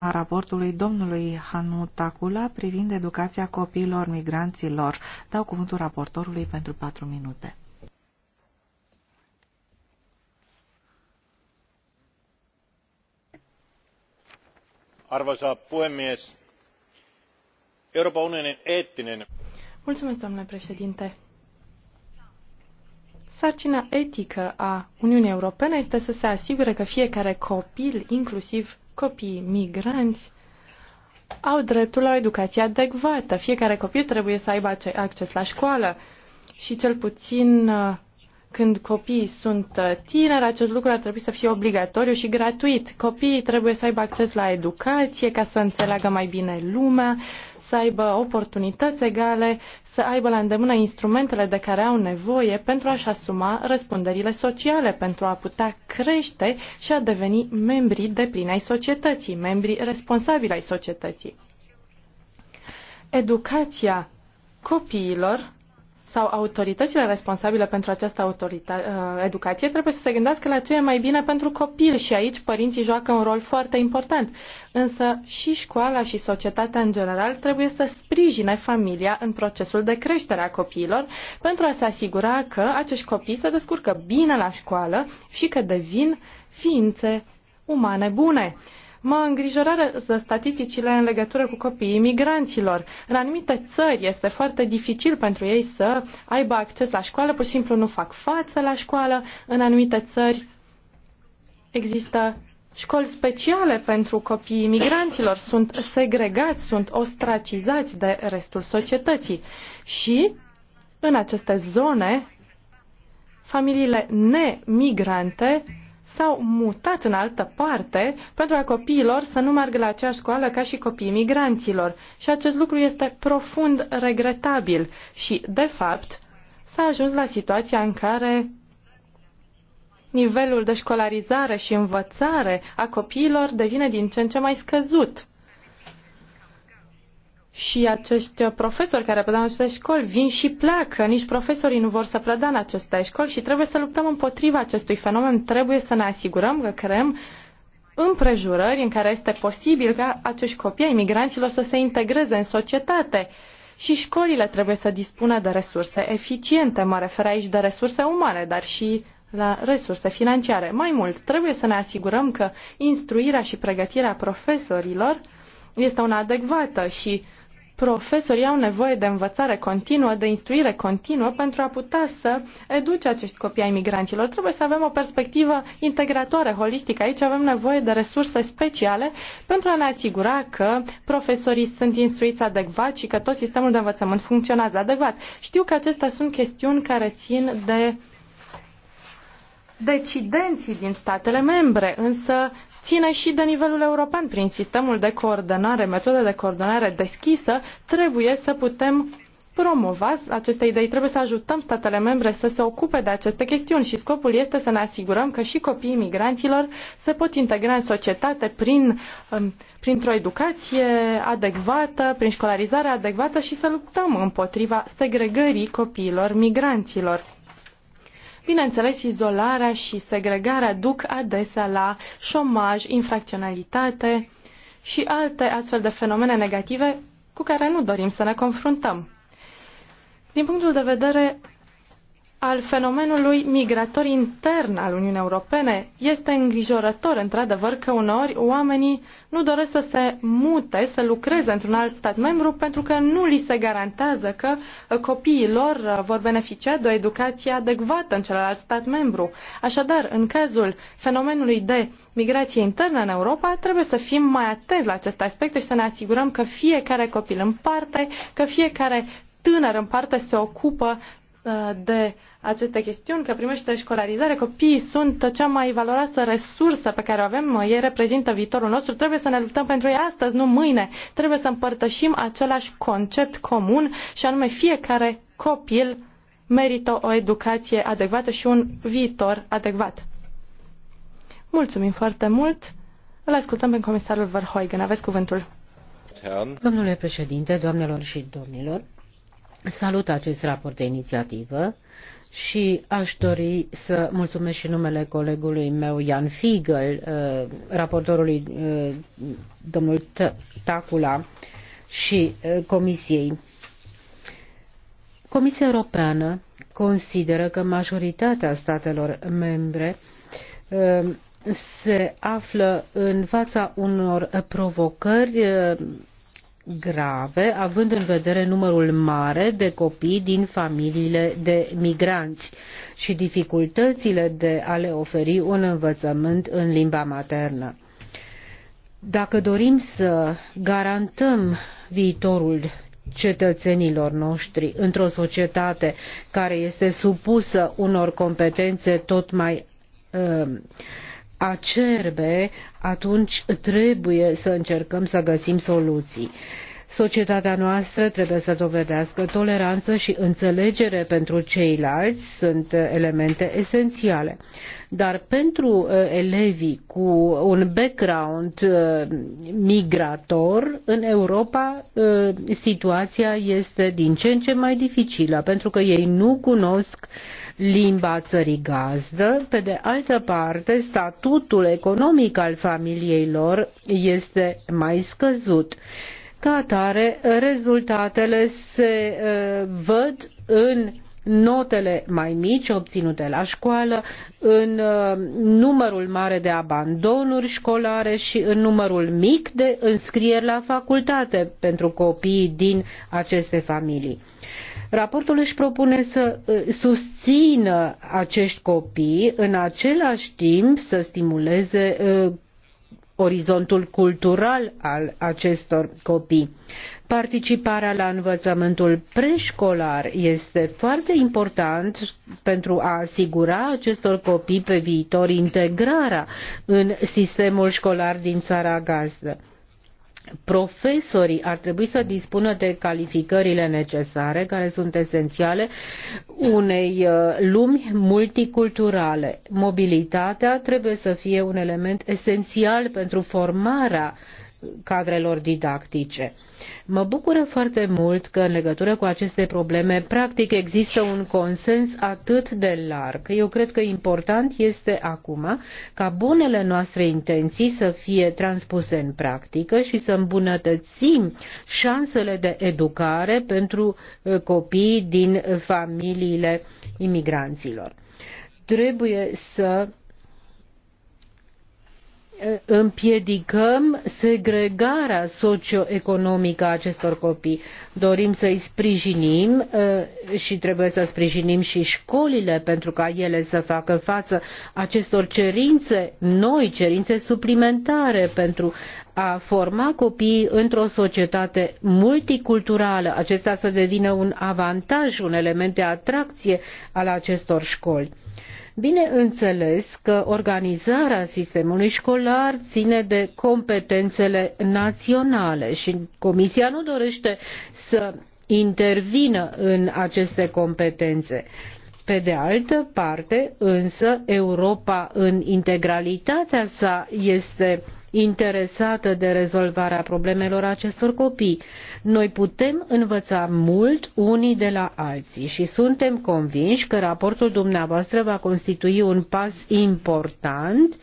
a raportului domnului Hanu Takula privind educația copiilor migranților. Dau cuvântul raportorului pentru patru minute. Arvoisa puhemies, Euroopan unionin eettinen... Mulțumesc, domnule președinte. Sarcina etică a Uniunii Europene este să se asigure că fiecare copil, inclusiv copiii migranți, au dreptul la o educație adecvată. Fiecare copil trebuie să aibă acces la școală și cel puțin uh, când copiii sunt uh, tineri, acest lucru ar trebui să fie obligatoriu și gratuit. Copiii trebuie să aibă acces la educație ca să înțeleagă mai bine lumea, să aibă oportunități egale, să aibă la îndemână instrumentele de care au nevoie pentru a-și asuma răspunderile sociale, pentru a putea crește și a deveni membri de plin ai societății, membri responsabili ai societății. Educația copiilor sau autoritățile responsabile pentru această uh, educație trebuie să se gândească la ce e mai bine pentru copil și aici părinții joacă un rol foarte important. Însă și școala și societatea în general trebuie să sprijine familia în procesul de creștere a copiilor pentru a se asigura că acești copii se descurcă bine la școală și că devin ființe umane bune. Mă îngrijorează statisticile în legătură cu copiii migranților. În anumite țări este foarte dificil pentru ei să aibă acces la școală, pur și simplu nu fac față la școală. În anumite țări există școli speciale pentru copiii migranților, sunt segregați, sunt ostracizați de restul societății. Și în aceste zone, familiile nemigrante s-au mutat în altă parte pentru a copiilor să nu meargă la aceeași școală ca și copiii migranților. Și acest lucru este profund regretabil și, de fapt, s-a ajuns la situația în care nivelul de școlarizare și învățare a copiilor devine din ce în ce mai scăzut și acești profesori care predau în aceste școli vin și pleacă. Nici profesorii nu vor să predea în aceste școli și trebuie să luptăm împotriva acestui fenomen. Trebuie să ne asigurăm că creăm împrejurări în care este posibil ca acești copii ai migranților să se integreze în societate. Și școlile trebuie să dispună de resurse eficiente, mă refer aici de resurse umane, dar și la resurse financiare. Mai mult, trebuie să ne asigurăm că instruirea și pregătirea profesorilor este una adecvată și profesorii au nevoie de învățare continuă, de instruire continuă pentru a putea să educe acești copii ai migranților. Trebuie să avem o perspectivă integratoare, holistică. Aici avem nevoie de resurse speciale pentru a ne asigura că profesorii sunt instruiți adecvat și că tot sistemul de învățământ funcționează adecvat. Știu că acestea sunt chestiuni care țin de decidenții din statele membre, însă ține și de nivelul european. Prin sistemul de coordonare, metode de coordonare deschisă, trebuie să putem promova aceste idei, trebuie să ajutăm statele membre să se ocupe de aceste chestiuni și scopul este să ne asigurăm că și copiii migranților se pot integra în societate prin, um, printr-o educație adecvată, prin școlarizare adecvată și să luptăm împotriva segregării copiilor migranților. Bineînțeles, izolarea și segregarea duc adesea la șomaj, infracționalitate și alte astfel de fenomene negative cu care nu dorim să ne confruntăm. Din punctul de vedere al fenomenului migrator intern al Uniunii Europene. Este îngrijorător, într-adevăr, că uneori oamenii nu doresc să se mute, să lucreze într-un alt stat membru, pentru că nu li se garantează că uh, copiii lor uh, vor beneficia de o educație adecvată în celălalt stat membru. Așadar, în cazul fenomenului de migrație internă în Europa, trebuie să fim mai atenți la aceste aspecte și să ne asigurăm că fiecare copil în parte, că fiecare tânăr în parte se ocupă de aceste chestiuni, că primește școlarizare, copiii sunt cea mai valoroasă resursă pe care o avem, ei reprezintă viitorul nostru, trebuie să ne luptăm pentru ei astăzi, nu mâine. Trebuie să împărtășim același concept comun și anume fiecare copil merită o educație adecvată și un viitor adecvat. Mulțumim foarte mult! Îl ascultăm pe comisarul Verhoeven. Aveți cuvântul. Domnule președinte, doamnelor și domnilor, Salut acest raport de inițiativă și aș dori să mulțumesc și numele colegului meu, Jan Figel, uh, raportorului uh, domnul Tacula și uh, Comisiei. Comisia Europeană consideră că majoritatea statelor membre se află în fața unor provocări grave, având în vedere numărul mare de copii din familiile de migranți și dificultățile de a le oferi un învățământ în limba maternă. Dacă dorim să garantăm viitorul cetățenilor noștri într-o societate care este supusă unor competențe tot mai uh, acerbe, atunci trebuie să încercăm să găsim soluții. Societatea noastră trebuie să dovedească toleranță și înțelegere pentru ceilalți, sunt elemente esențiale. Dar pentru uh, elevii cu un background uh, migrator, în Europa uh, situația este din ce în ce mai dificilă, pentru că ei nu cunosc limba țării gazdă, pe de altă parte, statutul economic al familiei lor este mai scăzut ca atare, rezultatele se văd în notele mai mici obținute la școală, în numărul mare de abandonuri școlare și în numărul mic de înscrieri la facultate pentru copiii din aceste familii. Raportul își propune să susțină acești copii, în același timp să stimuleze orizontul cultural al acestor copii. Participarea la învățământul preșcolar este foarte important pentru a asigura acestor copii pe viitor integrarea în sistemul școlar din țara gazdă profesorii ar trebui să dispună de calificările necesare, care sunt esențiale unei uh, lumi multiculturale. Mobilitatea trebuie să fie un element esențial pentru formarea cadrelor didactice. Mă bucură foarte mult că în legătură cu aceste probleme practic există un consens atât de larg. Eu cred că important este acum ca bunele noastre intenții să fie transpuse în practică și să îmbunătățim șansele de educare pentru uh, copii din familiile imigranților. Trebuie să împiedicăm segregarea socioeconomică a acestor copii. Dorim să îi sprijinim uh, și trebuie să sprijinim și școlile pentru ca ele să facă față acestor cerințe noi, cerințe suplimentare pentru a forma copiii într-o societate multiculturală. Acesta să devină un avantaj, un element de atracție al acestor școli Bineînțeles că organizarea sistemului școlar ține de competențele naționale și Comisia nu dorește să intervină în aceste competențe. Pe de altă parte, însă, Europa în integralitatea sa este uh, interesată de rezolvarea problemelor acestor copii. Noi putem învăța mult unii de la alții și suntem convinși că raportul dumneavoastră va constitui un pas important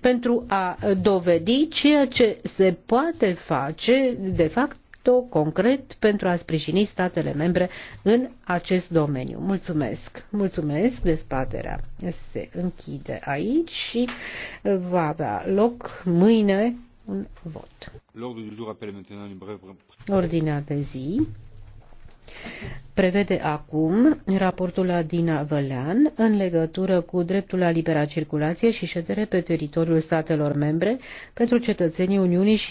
pentru a dovedi ceea ce se poate face, de fapt, facto, concret, pentru a sprijini statele membre în acest domeniu. Mulțumesc! Mulțumesc! Dezbaterea se închide aici și va avea loc mâine un vot. Ordinea de zi prevede acum raportul la Dina Vălean în legătură cu dreptul la libera circulație și ședere pe teritoriul statelor membre pentru cetățenii Uniunii și